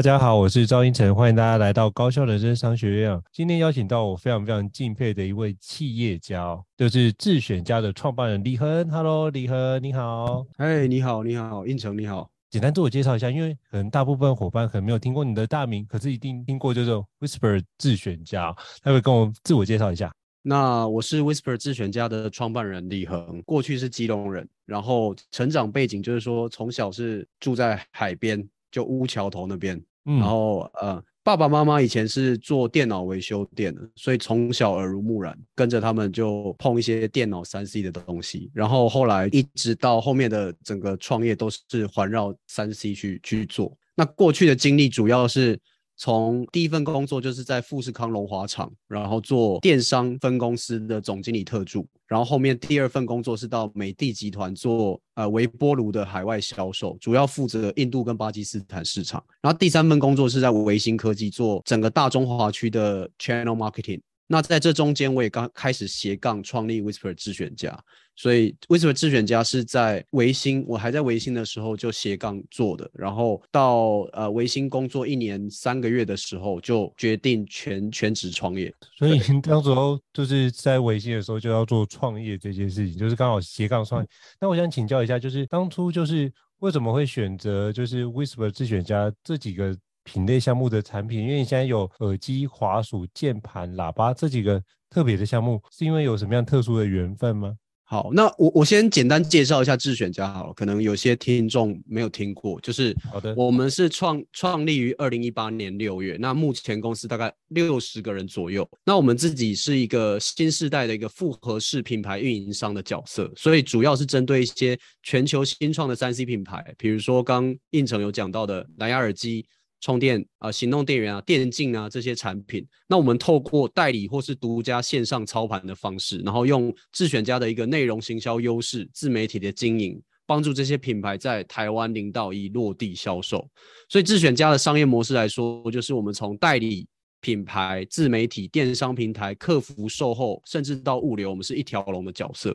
大家好，我是趙胤丞，歡迎大家來到高效人生商學院。今天邀請到我非常非常敬佩的一位企業家、哦，就是智選家的創辦人李恆。Hello，李恆，你好。哎，hey, 你好，你好，胤丞，你好。簡單自我介紹一下，因為可能大部分伙伴可能沒有聽過你的大名，可是一定聽過就是 Witsper 智選家、哦。他會跟我自我介紹一下。那我是 Witsper 智選家的創辦人李恆，過去是基隆人，然後成長背景就是說從小是住在海邊，就烏橋頭那邊。嗯、然後，呃，爸爸媽媽以前是做電腦維修店的，所以從小耳濡目染，跟着他們就碰一些電腦 3C 的東西。然後後來一直到後面的整個創業，都是環繞 3C 去去做。那過去的經歷主要是。從第一份工作就是在富士康龍華廠，然後做電商分公司的總經理特助，然後後面第二份工作是到美的集團做呃微波爐的海外銷售，主要負責印度跟巴基斯坦市場，然後第三份工作是在維新科技做整個大中華區的 channel marketing。那在這中間，我也剛開始斜槓創立 Whisper 智選家。所以 Witsper 智選家是在微星，我還在微星的時候就斜槓做的，然後到呃微星工作一年三個月的時候就決定全全職創業。所以，你當時就是在微星的時候就要做創業這件事情，就是剛好斜槓上。那我想請教一下，就是當初就是為什麼會選擇就是 Witsper 智選家這幾個品類項目的產品？因為你現在有耳機、滑鼠、鍵盤、喇叭這幾個特別的項目，是因為有什麼樣特殊的緣分嗎？好，那我我先簡單介紹一下智選家，好了，可能有些聽眾沒有聽過，就是，好的，我們是創創立於二零一八年六月，那目前公司大概六十個人左右，那我們自己是一個新世代的一個複合式品牌運營商的角色，所以主要是針對一些全球新創的三 C 品牌，比如說剛胤丞有講到的藍牙耳機。充電啊，行動電源啊，電競啊這些產品，那我們透過代理或是獨家線上操盤的方式，然後用智選家的一個內容行銷優勢、自媒體的經營，幫助這些品牌在台灣零到一落地銷售。所以智選家的商業模式來說，就是我們從代理品牌、自媒體、電商平台、客服、售後，甚至到物流，我們是一條龍的角色。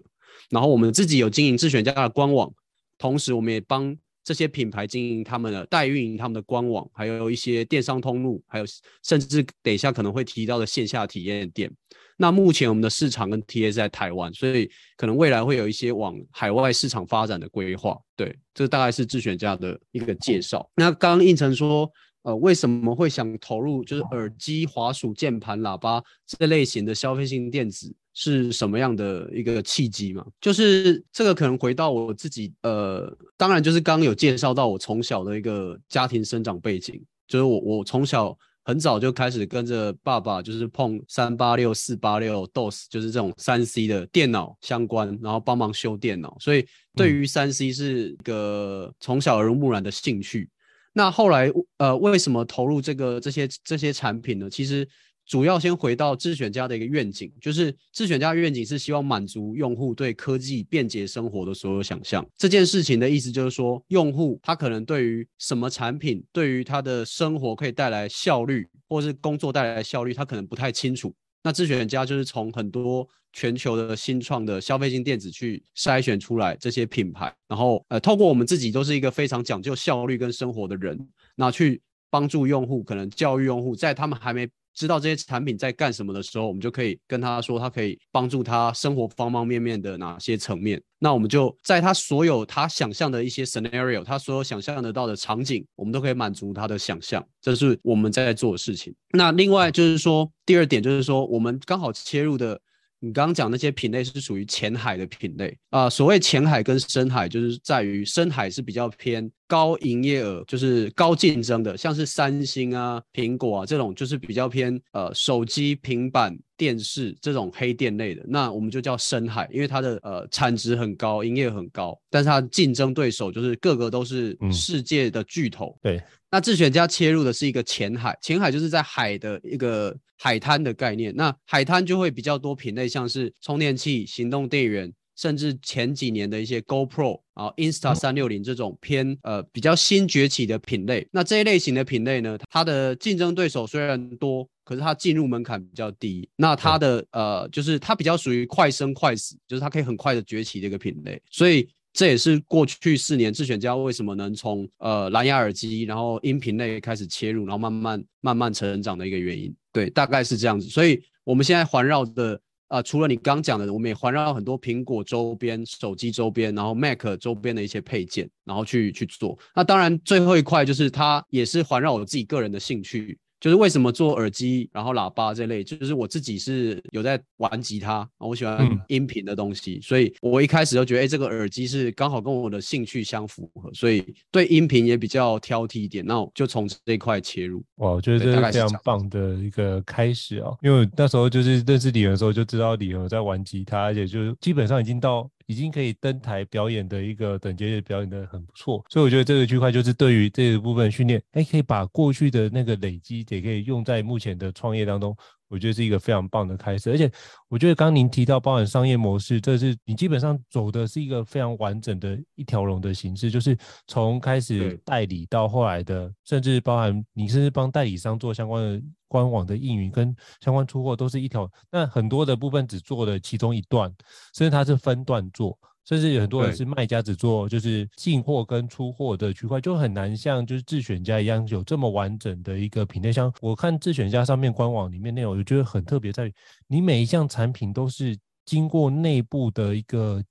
然後我們自己有經營智選家的官網，同時我們也幫這些品牌經營他們的代運營，他們的官網，還有一些電商通路，還有甚至等一下可能會提到的線下體驗店。那目前我們的市場跟 TA 在台灣，所以可能未來會有一些往海外市場發展的規劃。對，這大概是智選家的一個介紹。那剛剛胤丞說，呃，為什麼會想投入就是耳機、滑鼠、鍵盤、喇叭這類型的消費性電子？是什麼樣的一個契機嘛？就是這個可能回到我自己，呃，當然就是剛有介紹到我從小的一個家庭生長背景，就是我我從小很早就開始跟着爸爸，就是碰三八六、四八六、DOS，就是這種三 C 的電腦相關，然後幫忙修電腦，所以對於三 C 是個從小耳濡目染的興趣。嗯。那後來呃，為什麼投入這個這些這些產品呢？其實。主要先回到智選家的一個願景，就是智選家願景是希望滿足用戶對科技便捷生活的所有想象。這件事情的意思就是說，用戶他可能對於什麼產品，對於他的生活可以帶來效率，或是工作帶來的效率，他可能不太清楚。那智選家就是從很多全球的新創的消費性電子去篩選出來這些品牌，然後呃，透過我們自己都是一個非常講究效率跟生活的人，那去幫助用戶，可能教育用戶，在他們還沒。知道這些產品在幹什麼的時候，我們就可以跟他說，他可以幫助他生活方方面面的哪些層面。那我們就在他所有他想象的一些 scenario，他所有想象得到的場景，我們都可以滿足他的想象。這是我們在做的事情。那另外就是說，第二點就是說，我們剛好切入的，你剛剛講那些品類是屬於淺海的品類啊、呃。所謂淺海跟深海，就是在於深海是比較偏。高營業額就是高競爭的，像是三星啊、蘋果啊這種，就是比較偏呃手機、平板、電視這種黑電類的。那我們就叫深海，因為它的呃產值很高，營業很高，但是它競爭對手就是個個都是世界的巨頭。嗯、對。那智選家切入的是一個淺海，淺海就是在海的一個海灘的概念。那海灘就會比較多品類，像是充電器、行動電源。甚至前幾年的一些 GoPro 啊、Insta 360這種偏呃比較新崛起的品類，那這一類型的品類呢，它的競爭對手雖然多，可是它進入門檻比較低，那它的呃就是它比較屬於快生快死，就是它可以很快的崛起的一個品類，所以這也是過去四年智選家為什麼能從呃藍牙耳機，然後音頻類開始切入，然後慢慢慢慢成長的一個原因。對，大概是這樣子，所以我們現在環繞的。啊、呃，除了你剛講的，我們也環繞很多蘋果周邊、手機周邊，然後 Mac 周邊的一些配件，然後去去做。那當然，最後一塊就是它也是環繞我自己個人的興趣。就是為什麼做耳機，然後喇叭這類，就是我自己是有在玩吉他，我喜歡音頻的東西，嗯、所以我一開始就覺得，哎、欸，這個耳機是剛好跟我的興趣相符合，所以對音頻也比較挑剔一點，那我就從這塊切入。哇，我覺得這是非常棒的一個開始啊、哦！因為那時候就是認識李恆的時候，就知道李恆在玩吉他，而且就基本上已經到。已經可以登台表演的一個等級，也表演的很不錯，所以我覺得這個區塊就是對於這一部分訓練，哎，可以把過去的那個累積，也可以用在目前的創業當中。我覺得是一個非常棒的開始，而且我覺得剛您提到包含商業模式，這是你基本上走的是一個非常完整的一條龍的形式，就是從開始代理到後來的，甚至包含你甚至幫代理商做相關的官網的運營跟相關出貨都是一條，那很多的部分只做了其中一段，甚至它是分段做。甚至有很多人是賣家只做就是進貨跟出貨的區塊，就很難像就是自選家一樣有這麼完整的一個品類箱。我看自選家上面官網裡面內容，我覺得很特別在於，你每一項產品都是經過內部的一個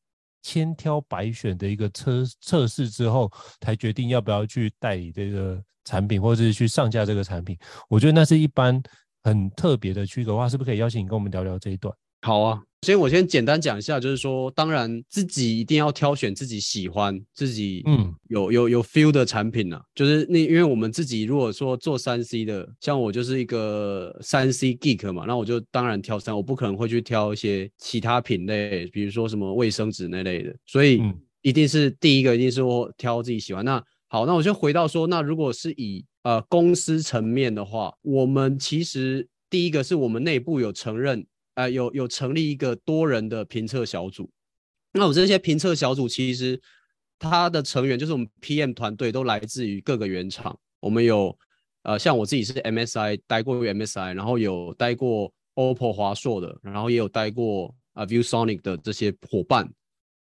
千挑百選的一個測測試之後，才決定要不要去代理這個產品，或者是去上架這個產品。我覺得那是一般很特別的區隔的話，是不是可以邀請你跟我們聊聊這一段？好啊，所以，我先簡單講一下，就是說，當然自己一定要挑選自己喜歡、自己嗯有有有 feel 的產品了啊。就是那，因為我們自己如果說做三 C 的，像我就是一個三 C geek 嘛，那我就當然挑三，我不可能會去挑一些其他品類，比如說什麼衛生紙那類的。所以，一定是第一個，一定是我挑自己喜歡。那好，那我就回到說，那如果是以呃公司層面的話，我們其實第一個是我們內部有承認。呃，有有成立一個多人的評測小組。那我這些評測小組，其實它的成員就是我們 PM 團隊，都來自於各個原廠。我們有呃，像我自己是 MSI 待過 MSI，然後有待過 OPPO、華碩的，然後也有待過啊、呃、ViewSonic 的這些夥伴。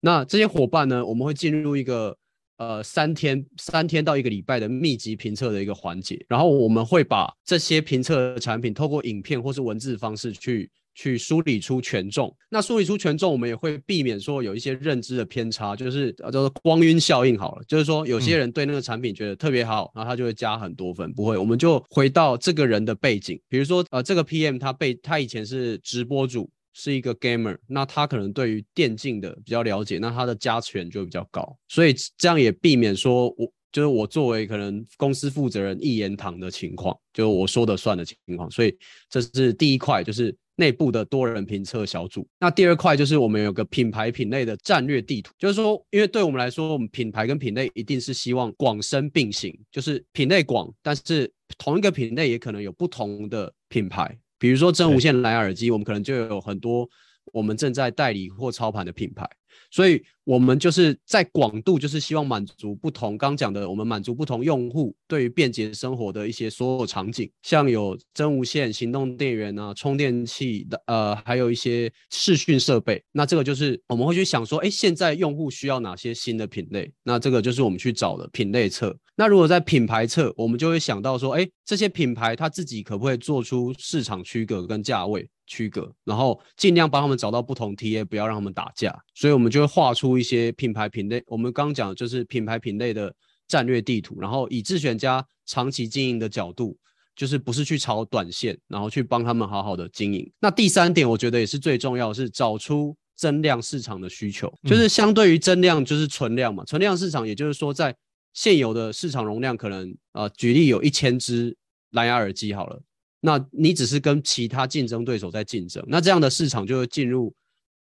那這些夥伴呢，我們會進入一個呃三天三天到一個禮拜的密集評測的一個環節。然後我們會把這些評測的產品，透過影片或是文字方式去。去梳理出權重，那梳理出權重，我們也會避免說有一些認知的偏差，就是呃、啊，叫做光暈效應好了。就是說，有些人對那個產品覺得特別好，嗯、然後他就會加很多分，不會，我們就回到這個人的背景。比如說，呃，這個 PM 他被，他以前是直播主，是一個 gamer，那他可能對於電競的比較了解，那他的加權就會比較高。所以這樣也避免說我就是我作為可能公司負責人一言堂的情況，就我說的算的情況。所以這是第一塊，就是。內部的多人評測小組。那第二塊就是我們有個品牌品類的戰略地圖，就是說，因為對我們來說，我們品牌跟品類一定是希望廣深並行，就是品類廣，但是同一個品類也可能有不同的品牌。比如說真無線藍牙耳機，對我們可能就有很多我們正在代理或操盤的品牌。所以，我們就是在廣度，就是希望滿足不同。剛講的，我們滿足不同用戶對於便捷生活的一些所有場景，像有真無線、行動電源啊、充電器的，呃，還有一些視訊設備。那這個就是我們會去想說，哎，現在用戶需要哪些新的品類？那這個就是我們去找的品類側。那如果在品牌側，我們就會想到說，哎，這些品牌它自己可不可以做出市場區隔跟價位區隔，然後盡量幫他們找到不同 TA，不要讓他們打架。所以我們。就會畫出一些品牌品類，我們剛講就是品牌品類的戰略地圖，然後以智選家長期經營的角度，就是不是去炒短線，然後去幫他們好好的經營。那第三點，我覺得也是最重要，是找出增量市場的需求，就是相對於增量就是存量嘛，存量市場也就是說在現有的市場容量，可能啊、呃，舉例有一千只藍牙耳機好了，那你只是跟其他競爭對手在競爭，那這樣的市場就會進入。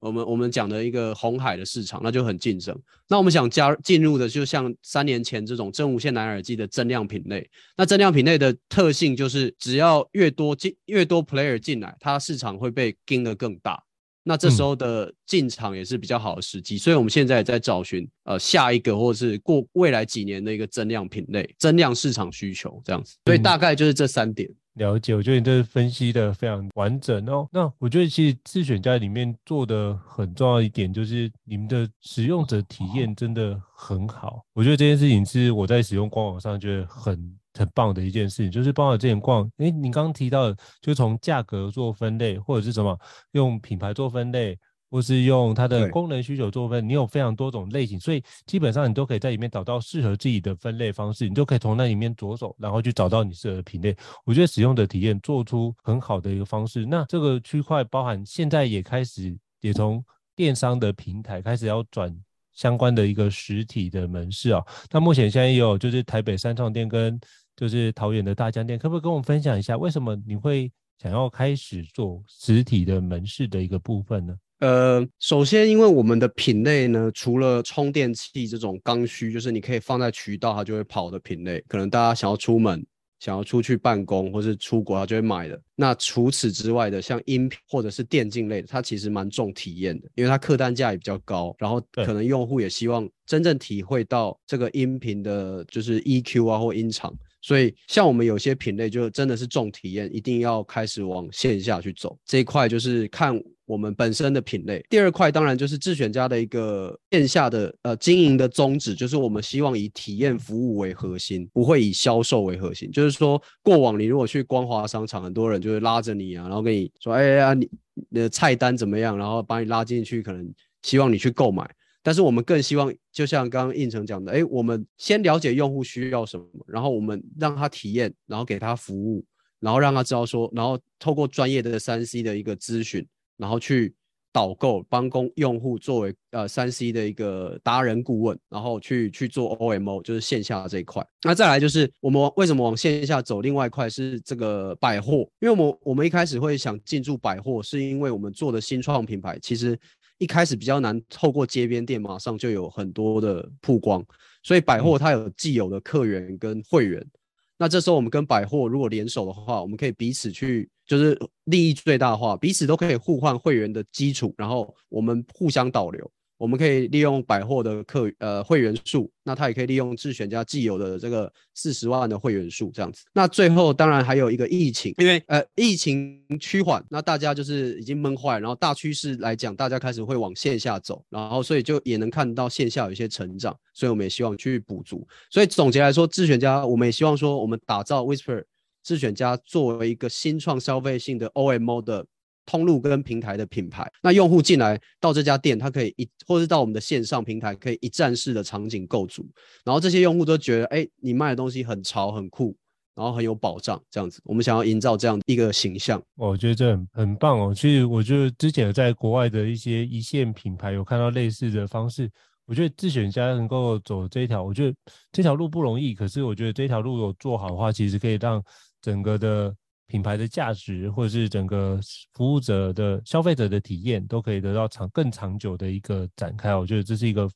我們我們講的一個紅海的市場，那就很競爭。那我們想加進入的，就像三年前這種真無線藍牙耳機的增量品類。那增量品類的特性就是，只要越多進，越多 player 進來，它市場會被盯得更大。那這時候的進場也是比較好的時機。嗯、所以，我們現在也在找尋呃下一個，或是過未來幾年的一個增量品類、增量市場需求這樣子。所以，大概就是這三點。嗯了解，我覺得你這分析的非常完整哦。那我覺得其實自選家裡面做的很重要一點，就是你們的使用者體驗真的很好。我覺得這件事情是我在使用官網上覺得很很棒的一件事情，就是包括之前逛。哎，你剛剛提到的，就從價格做分類，或者是什麼，用品牌做分類。或是用它的功能需求做分，對你有非常多種類型，所以基本上你都可以在裡面找到適合自己的分類方式，你就可以從那裡面着手，然後去找到你適合的品類。我覺得使用的體驗做出很好的一個方式。那這個區塊包含現在也開始也從電商的平台開始要轉相關的一個實體的門市啊。那目前現在也有就是台北三創店跟就是桃園的大江店，可不可以跟我們分享一下為什麼你會想要開始做實體的門市的一個部分呢？呃，首先，因為我們的品類呢，除了充電器這種剛需，就是你可以放在渠道它就會跑的品類，可能大家想要出門、想要出去辦公或是出國，它就會買的。那除此之外的，像音頻或者是電競類的，它其實蠻重體驗的，因為它客單價也比較高，然後可能用戶也希望真正體會到這個音頻的就是 EQ 啊或音場。所以，像我們有些品類就真的是重體驗，一定要開始往線下去走。這一塊就是看我們本身的品類。第二塊當然就是智選家的一個線下的呃經營的宗旨，就是我們希望以體驗服務為核心，不會以銷售為核心。就是說，過往你如果去光華商場，很多人就會拉着你啊，然後跟你說，哎呀，你的菜單怎麼樣，然後把你拉進去，可能希望你去購買。但是我們更希望，就像剛剛胤丞講的，哎，我們先了解用戶需要什麼，然後我們讓他體驗，然後給他服務，然後讓他知道說，然後透過專業的三 C 的一個諮詢，然後去導購，幫工用戶作為呃三 C 的一個達人顧問，然後去去做 OMO，就是線下這一塊。那再來就是我們為什麼往線下走？另外一塊是這個百貨，因為我們我們一開始會想進駐百貨，是因為我們做的新創品牌，其實。一開始比較難透過街邊店馬上就有很多的曝光，所以百貨它有既有的客源跟會員，嗯，那這時候我們跟百貨如果聯手的話，我們可以彼此去就是利益最大化，彼此都可以互換會員的基礎，然後我們互相導流。我們可以利用百貨的客呃會員數，那他也可以利用智選家既有的這個四十萬的會員數這樣子。那最後當然還有一個疫情，因為呃疫情趨緩，那大家就是已經悶壞了，然後大趨勢來講，大家開始會往線下走，然後所以就也能看到線下有一些成長，所以我們也希望去補足。所以總結來說，智選家我們也希望說，我們打造 Whisper 智選家作為一個新創消費性的 OMO 的。通路跟平台的品牌，那用戶進來到這家店，他可以一，或是到我們的線上平台，可以一站式的場景構築。然後這些用戶都覺得，哎，你賣的東西很潮、很酷，然後很有保障，這樣子。我們想要營造這樣一個形象。我覺得這很很棒哦。其實我覺得之前在國外的一些一線品牌有看到類似的方式，我覺得智選家能夠走這一條，我覺得這條路不容易，可是我覺得這條路有做好的話，其實可以讓整個的。品牌的價值，或者是整個服務者的、消費者的體驗，都可以得到長更長久的一個展開。我覺得這是一個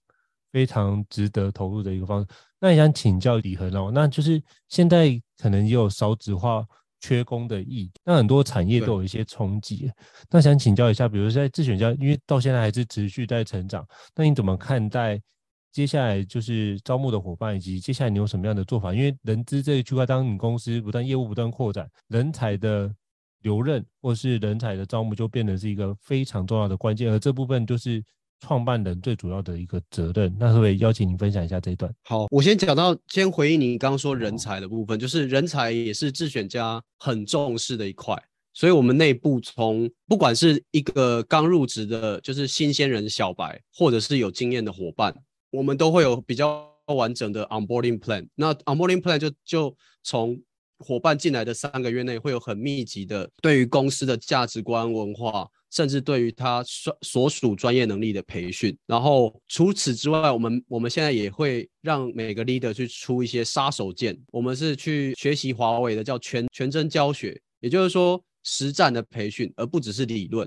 非常值得投入的一個方式。那也想請教李恆哦，那就是現在可能也有少子化、缺工的意義，那很多產業都有一些衝擊。那想請教一下，比如說在智選家，因為到現在還是持續在成長，那你怎麼看待？接下來就是招募的夥伴，以及接下來你有什麼樣的做法？因為人資這一區塊，當你公司不斷業務不斷擴展，人才的留任或是人才的招募就變得是一個非常重要的關鍵，而這部分就是創辦人最主要的一個責任。那可不可以邀請您分享一下這一段？好，我先講到，先回應您剛剛說人才的部分，好就是人才也是智選家很重視的一塊，所以我們內部從不管是一個剛入職的，就是新鮮人小白，或者是有經驗的夥伴。我們都會有比較完整的 onboarding plan。那 onboarding plan 就就從伙伴進來的三個月內會有很密集的對於公司的價值觀、文化，甚至對於他所所屬專業能力的培訓。然後除此之外，我們我們現在也會讓每個 leader 去出一些殺手鐧。我們是去學習華為的叫全全真教學，也就是說實戰的培訓，而不只是理論。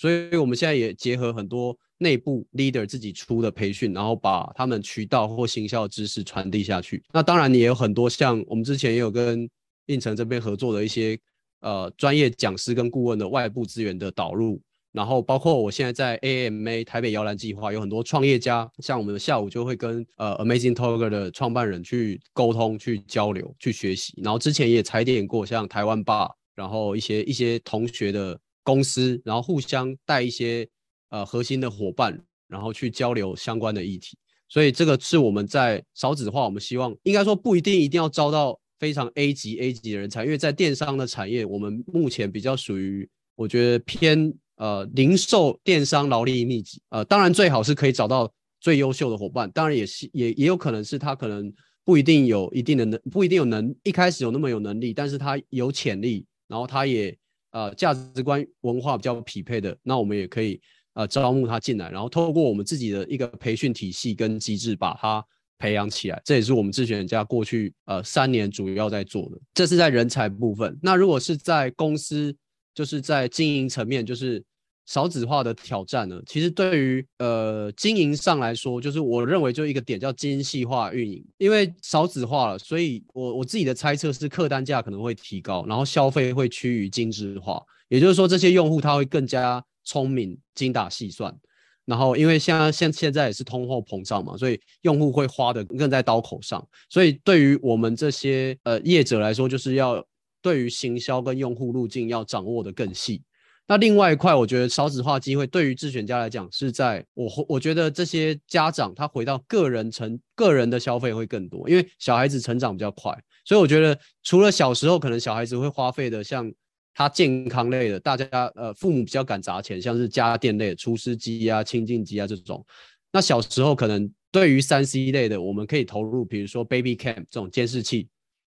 所以，我們現在也結合很多內部 leader 自己出的培訓，然後把他們渠道、或行銷知識傳遞下去。那當然，你也有很多像我們之前也有跟胤丞這邊合作的一些呃專業講師跟顧問的外部資源的導入。然後，包括我現在在 AMA 台北搖籃計劃，有很多創業家，像我們下午就會跟呃 Amazing Talker 的創辦人去溝通、去交流、去學習。然後之前也踩點過像台灣吧，然後一些一些同學的。公司，然後互相帶一些呃核心的夥伴，然後去交流相關的議題。所以這個是我們在少子化，我們希望應該說不一定一定要招到非常 A 級 A 級的人才，因為在電商的產業，我們目前比較屬於我覺得偏呃零售電商勞力密集呃，當然最好是可以找到最優秀的夥伴，當然也是也也有可能是他可能不一定有一定的能不一定有能一開始有那麼有能力，但是他有潛力，然後他也。呃，價值觀文化比較匹配的，那我們也可以呃招募他進來，然後透過我們自己的一個培訓體系跟機制，把他培養起來。這也是我們智選家過去呃三年主要在做的，這是在人才部分。那如果是在公司，就是在經營層面，就是。少子化的挑戰呢？其實對於呃經營上來說，就是我認為就一個點叫精細化運營。因為少子化了，所以我我自己的猜測是客單價可能會提高，然後消費會趨於精緻化。也就是說，這些用戶他會更加聰明、精打細算。然後因為像像現在也是通貨膨脹嘛，所以用戶會花得更在刀口上。所以對於我們這些呃業者來說，就是要對於行銷跟用戶路徑要掌握得更細。那另外一塊，我覺得少子化機會對於智選家來講是在我，我覺得這些家長他回到個人成個人的消費會更多，因為小孩子成長比較快，所以我覺得除了小時候可能小孩子會花費的像他健康類的，大家呃父母比較敢砸錢，像是家電類的、廚師機啊、清淨機啊這種。那小時候可能對於三 C 類的，我們可以投入，比如說 Baby Cam 這種監視器，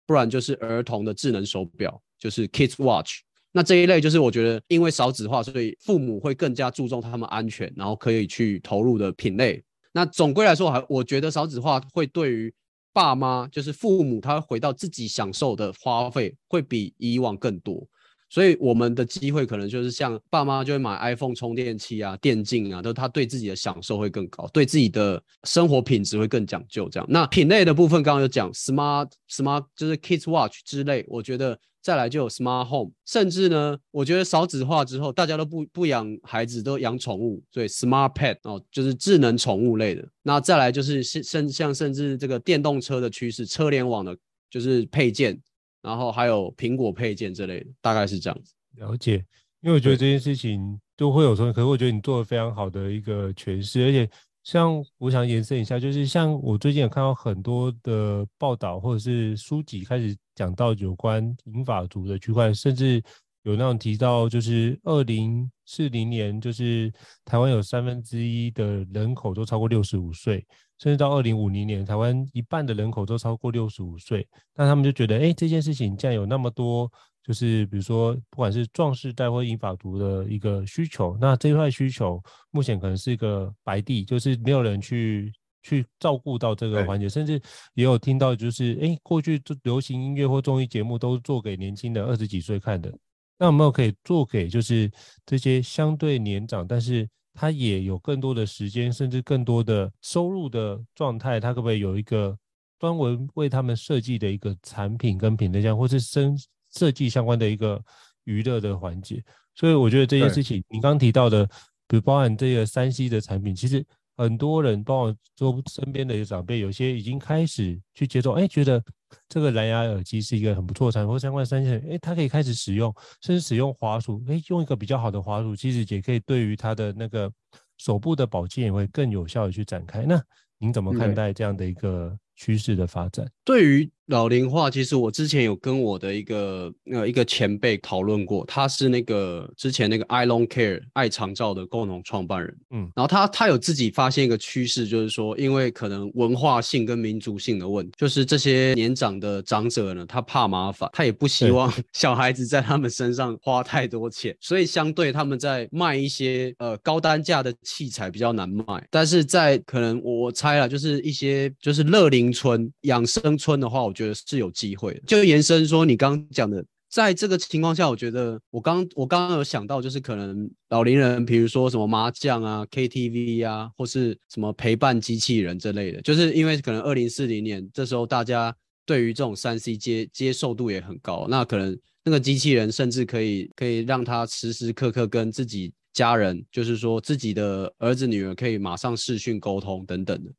不然就是兒童的智能手錶，就是 Kids Watch。那這一類就是我覺得，因為少子化，所以父母會更加注重他們安全，然後可以去投入的品類。那總歸來說，還我覺得少子化會對於爸媽，就是父母，他回到自己享受的花費會比以往更多。所以我們的機會可能就是像爸媽就會買 iPhone 充電器啊、電競啊，都他對自己的享受會更高，對自己的生活品質會更講究。這樣，那品類的部分剛剛有講 smart smart 就是 kids watch 之類，我覺得再來就有 smart home，甚至呢，我覺得少子化之後，大家都不不養孩子，都養寵物，所以 smart pet 哦，就是智能寵物類的。那再來就是甚甚像甚至這個電動車的趨勢，車聯網的，就是配件。然後還有蘋果配件之類的，大概是這樣子。了解，因為我覺得這件事情都會有時候，對可是我覺得你做的非常好的一個詮釋。而且，像我想延伸一下，就是像我最近有看到很多的報道或者是書籍開始講到有關銀髮族的區塊，甚至有那種提到，就是二零四零年，就是台灣有三分之一的人口都超過六十五歲。甚至到二零五零年，台灣一半的人口都超過六十五歲，那他們就覺得，哎、欸，這件事情既然有那麼多，就是比如說，不管是壯世代或銀髮族的一個需求，那這塊需求目前可能是一個白地，就是沒有人去去照顧到這個環節。嘿 甚至也有聽到，就是哎、欸，過去就流行音樂或綜藝節目都做給年輕的二十幾歲看的，那我們有沒有可以做給就是這些相對年長，但是他也有更多的時間，甚至更多的收入的狀態，他可不可以有一個專門為他們設計的一個產品跟品類，像或是生設計相關的一個娛樂的環節？所以我覺得這件事情，你對剛提到的，比如包含這個三 C 的產品，其實很多人，包括說身邊的一些長輩，有些已經開始去接受，哎，覺得。這個藍牙耳機是一個很不錯的產品，或相關三千，誒，它可以開始使用，甚至使用滑鼠，誒，用一個比較好的滑鼠，其實也可以對於它的那個手部的保健也會更有效的去展開。那您怎麼看待這樣的一個趨勢的發展？對，對於老齡化其實我之前有跟我的一個呃一個前輩討論過，他是那個之前那個 iLongCare, 愛長照的共同創辦人，嗯，然後他他有自己發現一個趨勢，就是說因為可能文化性跟民族性的問題，就是這些年長的長者呢，他怕麻煩，他也不希望小孩子在他們身上花太多錢，嗯、所以相對他們在賣一些呃高單價的器材比較難賣，但是在可能我猜啦，就是一些就是樂齡村養生村的話，我。我覺得是有機會的，就延伸說，你剛剛講的，在這個情況下，我覺得我剛我剛剛有想到，就是可能老年人，比如說什麼麻將啊、KTV 啊，或是什麼陪伴機器人之類的，就是因為可能二零四零年這時候，大家對於這種三 C 接接受度也很高，那可能那個機器人甚至可以可以讓他時時刻刻跟自己家人，就是說自己的兒子女兒可以馬上視訊溝通等等的。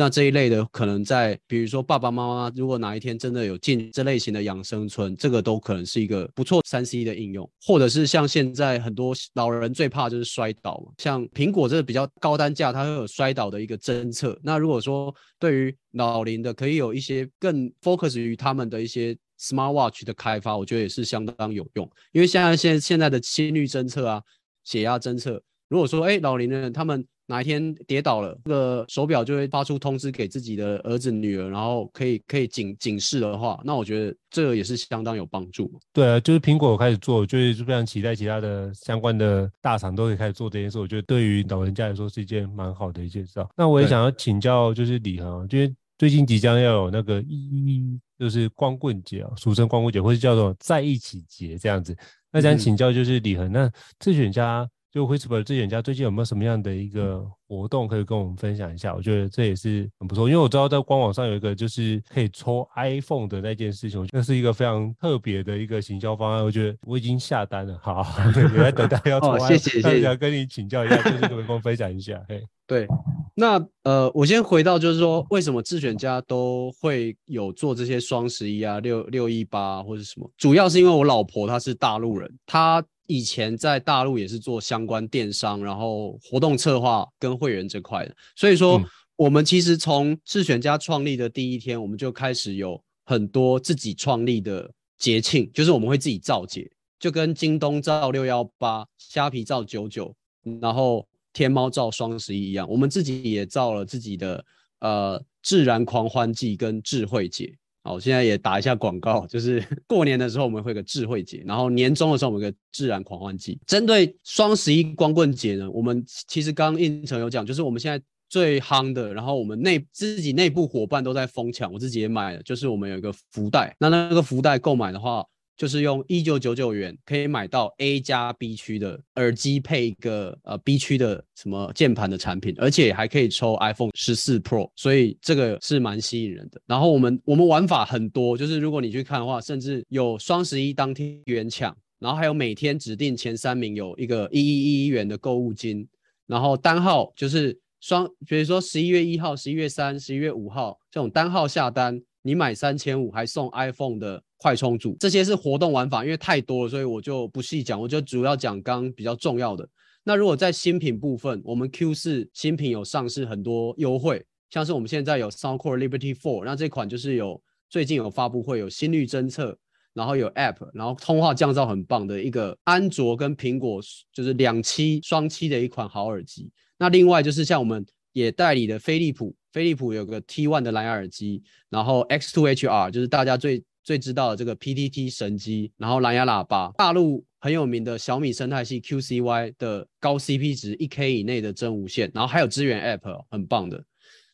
那這一類的可能在，比如說爸爸媽媽，如果哪一天真的有進這類型的養生村，這個都可能是一個不錯三 C 的應用，或者是像現在很多老人最怕就是摔倒，像蘋果這個比較高單價，它會有摔倒的一個偵測。那如果說對於老齡的，可以有一些更 focus 於他們的一些 smart watch 的開發，我覺得也是相當有用，因為像現現在的心率偵測啊、血壓偵測，如果說哎、欸、老齡的人他們。哪一天跌倒了，這個手表就會發出通知給自己的兒子女兒，然後可以可以警警示的話，那我覺得這也是相當有幫助。對啊，就是蘋果有開始做，就是非常期待其他的相關的大廠都可以開始做這件事。我覺得對於老人家來說是一件蠻好的一件事啊。那我也想要請教，就是李恆、啊，對因為最近即將要有那個一就是光棍節啊，俗稱光棍節，或者叫做在一起節這樣子。那想請教就是李恆，嗯、那智選家。就 Witsper 智選家最近有沒有什麼樣的一個活動可以跟我們分享一下？我覺得這也是很不錯，因為我知道在官網上有一個就是可以抽 iPhone 的那件事情，那是一個非常特別的一個行銷方案。我覺得我已經下單了，好，我在等待要抽。謝謝，謝謝。要跟你請教一下，就是跟我們分享一下。嘿，對，那呃，我先回到就是說，為什麼智選家都會有做這些雙十一啊、六六一八或者什麼？主要是因為我老婆她是大陸人，她。以前在大陸也是做相關電商，然後活動策劃跟會員這塊的，所以說、嗯、我們其實從智選家創立的第一天，我們就開始有很多自己創立的節慶，就是我們會自己造節，就跟京東造618、蝦皮造99，然後天貓造雙十一一樣，我們自己也造了自己的呃自然狂歡季跟智慧節。好，我現在也打一下廣告，就是過年的時候我們會有個智慧節，然後年終的時候我們有個自然狂歡季。針對雙十一光棍節呢，我們其實剛剛胤丞有講，就是我們現在最夯的，然後我們內自己內部夥伴都在瘋搶，我自己也買了，就是我們有一個福袋。那那個福袋購買的話，就是用一九九九元可以買到 A 加 B 區的耳機配一個呃 B 區的什麼鍵盤的產品，而且還可以抽 iPhone 十四 Pro，所以這個是蠻吸引人的。然後我們我們玩法很多，就是如果你去看的話，甚至有雙十一當天一元搶，然後還有每天指定前三名有一個一一一一元的購物金，然後單號就是雙，比如說十一月一號、十一月三、十一月五號這種單號下單，你買三千五還送 iPhone 的。快充組，這些是活動玩法，因為太多了，所以我就不細講，我就主要講剛剛比較重要的。那如果在新品部分，我們 Q 四新品有上市很多優惠，像是我們現在有 Soundcore Liberty 4，那這款就是有最近有發布會，有心率偵測，然後有 App，然後通話降噪很棒的一個安卓跟蘋果就是兩棲雙棲的一款好耳機。那另外就是像我們也代理的飛利浦，飛利浦有個 T1 的藍牙耳機，然後 X2HR 就是大家最最知道的這個 PTT 神機，然後藍牙喇叭，大陸很有名的小米生態系 QCY 的高 CP 值，一 K 以內的真無線，然後還有支援 App 很棒的。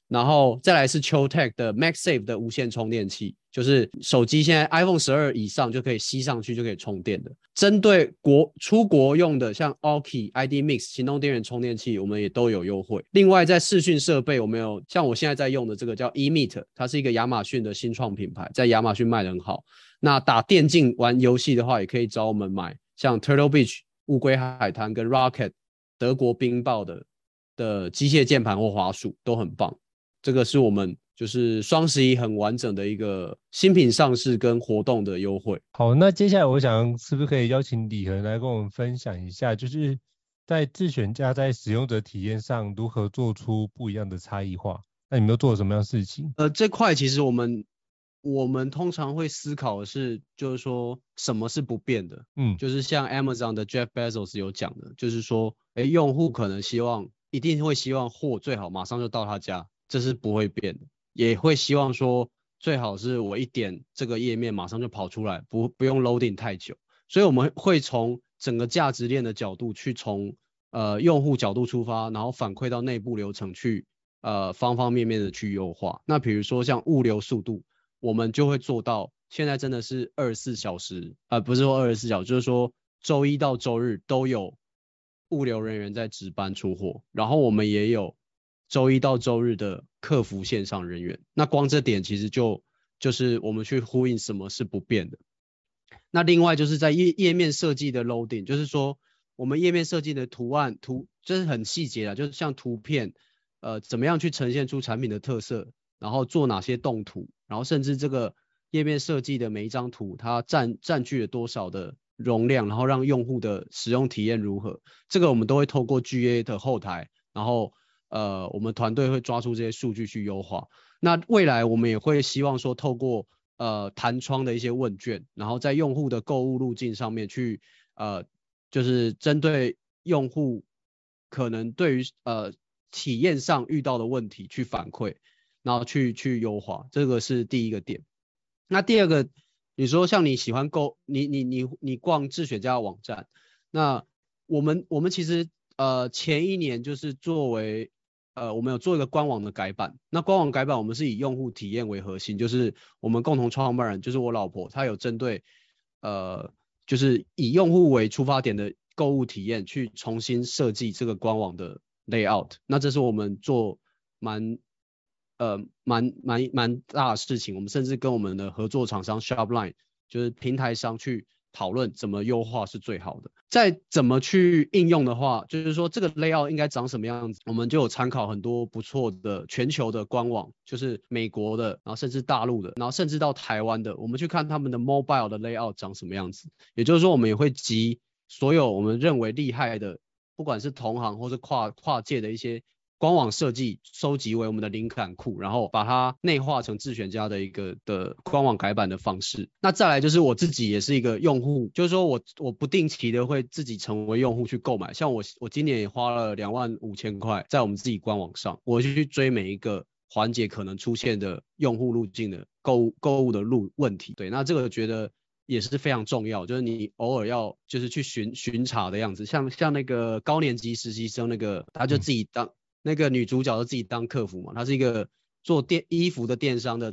然後再來是 Choltech 的 MagSafe 的無線充電器，就是手機現在 iPhone 十二以上就可以吸上去就可以充電的。針對國出國用的像、像 Aoki ID Mix、行動電源充電器，我們也都有優惠。另外在視訊設備，我們有像我現在在用的這個叫 Emit，它是一個亞馬遜的新創品牌，在亞馬遜賣得很好。那打電競玩遊戲的話，也可以找我們買，像 Turtle Beach 烏龜海灘跟 Rocket 德國冰豹的的機械鍵鍵盤或滑鼠都很棒。這個是我們就是雙十一很完整的一個新品上市跟活動的優惠。好，那接下來我想是不是可以邀請李恆來跟我們分享一下，就是在智選家在使用者體驗上如何做出不一樣的差異化？那你們都做了什麼樣的事情？呃，這塊其實我們我們通常會思考的是，就是說什麼是不變的？嗯，就是像 Amazon 的 Jeff Bezos 有講的，就是說，誒，用戶可能希望一定會希望貨最好馬上就到他家。這是不會變的，也會希望說最好是我一點這個頁面馬上就跑出來，不不用 loading 太久。所以我們會從整個價值鏈的角度去，從呃用戶角度出發，然後反饋到內部流程去，呃方方面面的去優化。那比如說像物流速度，我們就會做到現在真的是二十四小時，呃不是說二十四小時，就是說，周一到周日都有物流人員在值班出貨，然後我們也有。週一到週日的客服線上人員，那光這點其實就就是我們去呼應什麼是不變的。那另外就是在頁頁面設計的 loading，就是說我們頁面設計的圖案圖，就是很細節的，就是像圖片呃怎麼樣去呈現出產品的特色，然後做哪些動圖，然後甚至這個頁面設計的每一張圖它占占據了多少的容量，然後讓用戶的使用體驗如何。這個我們都會透過 GA 的後台，然後呃，我們團隊會抓出這些數據去優化。那未來我們也會希望說，透過呃彈窗的一些問卷，然後在用戶的購物路徑上面去呃，就是針對用戶可能對於呃體驗上遇到的問題去反饋，然後去去優化。這個是第一個點。那第二個，你說像你喜歡購，你你你你逛智選家網站，那我們我們其實呃前一年就是作為呃，我們有做一個官網的改版。那官網改版，我們是以用戶體驗為核心，就是我們共同創辦人，就是我老婆，她有針對呃，就是以用戶為出發點的購物體驗去重新設計這個官網的 layout。那這是我們做蠻呃蠻蠻蠻，蠻大的事情。我們甚至跟我們的合作廠商 Shopline，就是平台商去，討論怎麼優化是最好的，再怎麼去應用的話，就是說這個 layout 應該長什麼樣子，我們就有參考很多不錯的全球的官網，就是美國的，然後甚至大陸的，然後甚至到台灣的，我們去看他們的 mobile 的 layout 長什麼樣子。也就是說，我們也會集所有我們認為厲害的，不管是同行或是跨跨界的一些。官網設計收集，為我們的靈感庫，然後把它內化成智選家的一個的官網改版的方式。那再來就是我自己也是一個用戶，就是說我我不定期的會自己成為用戶去購買，像我我今年也花了兩萬五千塊在我們自己官網上，我就去追每一個環節可能出現的用戶路徑的購物購物的路問題。對，那這個覺得也是非常重要，就是你偶爾要就是去巡巡查的樣子，像像那個高年級實習生那個他就自己當。嗯那個女主角就自己當客服嘛，她是一個做電衣服的電商的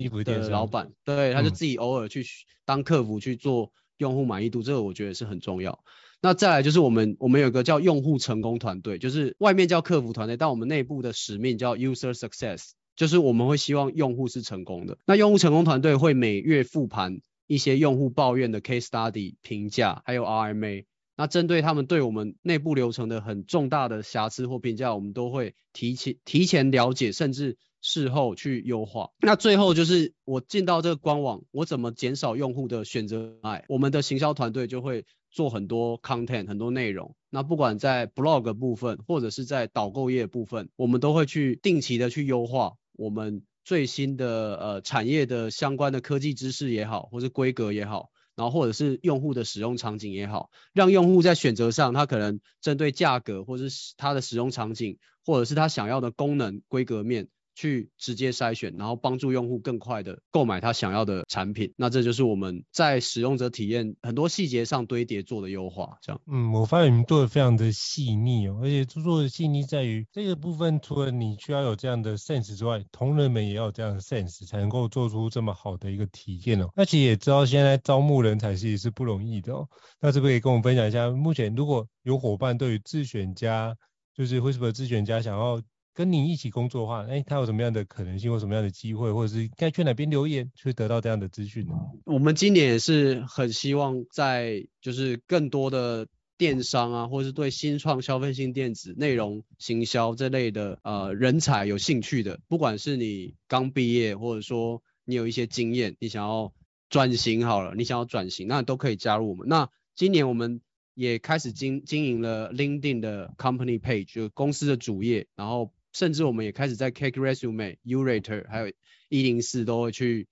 老闆，對，嗯、她就自己偶爾去當客服去做用戶滿意度，這個我覺得是很重要。那再來就是我們我們有一個叫用戶成功團隊，就是外面叫客服團隊，但我們內部的使命叫 User Success，就是我們會希望用戶是成功的。那用戶成功團隊會每月復盤一些用戶抱怨的 Case Study 評價，還有 RMA。那針對他們對我們內部流程的很重大的瑕疵、或評價，我們都會提前提前了解，甚至事後去優化。那最後就是我進到這個官網，我怎麼減少用戶的選擇唉？我們的行銷團隊就會做很多 content，很多內容。那不管在 blog 部分，或者是在導購頁部分，我們都會去定期的去優化我們最新的呃產業的相關的科技知識也好，或是規格也好。然後，或者是用戶的使用場景也好，讓用戶在選擇上，他可能針對價格，或者是他的使用場景，或者是他想要的功能規格面，去直接篩選，然後幫助用戶更快的購買他想要的產品。那這就是我們在使用者體驗很多細節上堆疊做的優化。這樣，嗯，我發現你們做的非常的細膩哦，而且做的細膩在於這個部分，除了你需要有這樣的 sense 之外，同仁們也要有這樣的 sense，才能夠做出這麼好的一個體驗哦。那其實也知道現在招募人才是是不容易的哦。那可不可以跟我們分享一下，目前如果有伙伴對於智選家，就是 Witsper 智選家想要？跟你一起工作的話，哎，他有什麼樣的可能性，或什麼樣的機會，或者是該去哪邊留言，去得到這樣的資訊呢？我們今年也是很希望在就是更多的電商啊，或者是對新創、消費性電子、內容行銷這類的呃人才有興趣的，不管是你剛畢業，或者說你有一些經驗，你想要轉型好了，你想要轉型，那都可以加入我們。那今年我們也開始經經營了 LinkedIn 的 company page，就是公司的主頁，然後。甚至我們也開始在 Cake Resume、Yourator 還有一零四都會去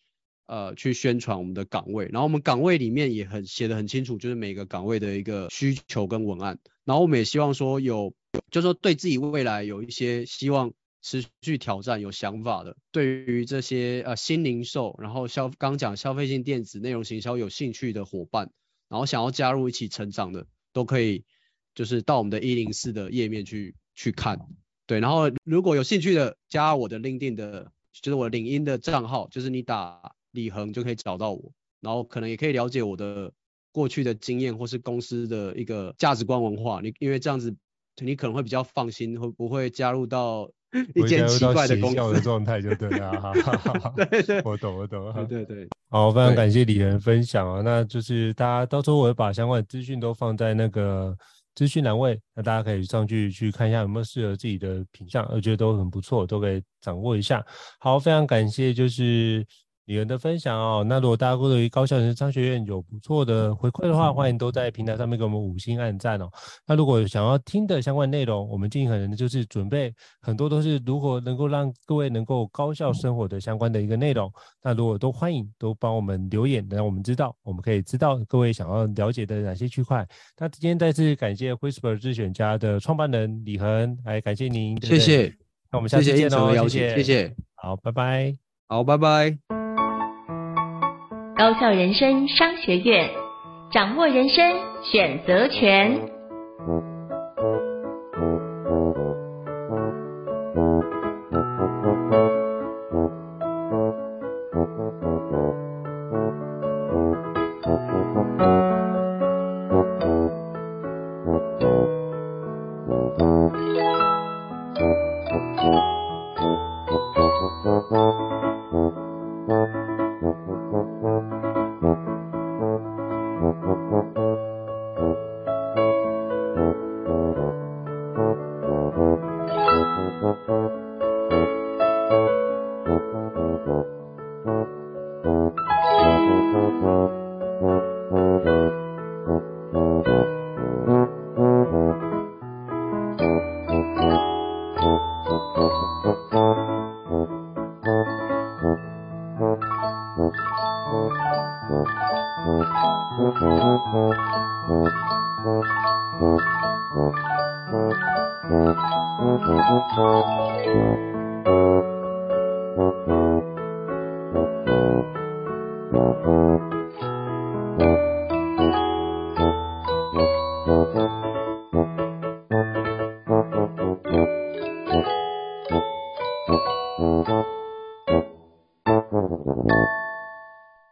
呃去宣傳我們的崗位。然後我們崗位裡面也很寫得很清楚，就是每個崗位的一個需求跟文案。然後我們也希望說有，就是說對自己未來有一些希望持續挑戰有想法的，對於這些呃新零售，然後消剛講消費性電子、內容行銷有興趣的夥伴，然後想要加入一起成長的，都可以就是到我們的一零四的頁面去去看。對，然後如果有興趣的，加我的 LinkedIn 的，就是我的領英的賬號，就是你打李恆就可以找到我，然後可能也可以了解我的過去的經驗或是公司的一個價值觀文化，你因為這樣子你可能會比較放心，會不會加入到一件奇怪的公司的狀態就對了，啊。哈哈 對我懂我懂。對對對，好，非常感謝李恆分享，啊、那就是大家對到時候我會把相關的資訊都放在那個。資訊欄位，那大家可以上去去看一下有沒有適合自己的品項，我覺得都很不錯，都可以掌握一下。好，非常感謝，就是。李恆的分享哦。那如果大家對於高效人生商學院有不錯的回饋的話，歡迎都在平台上面給我們五星按讚哦。那如果想要聽的相關內容，我們盡可能的就是準備很多都是如何能夠讓各位能夠高效生活的相關的一個內容。那如果都歡迎都幫我們留言，讓我們知道，我們可以知道各位想要了解的哪些區塊。那今天再次感謝 Witsper 智選家的創辦人李恆，來感謝您，對對謝謝。那我們下次見哦，謝謝，謝謝，謝謝。謝謝好，拜拜，好，拜拜。高效人生商學院，掌握人生選擇權。